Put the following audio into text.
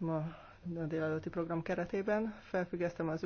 ma a délelőtti program keretében. Felfüggesztem az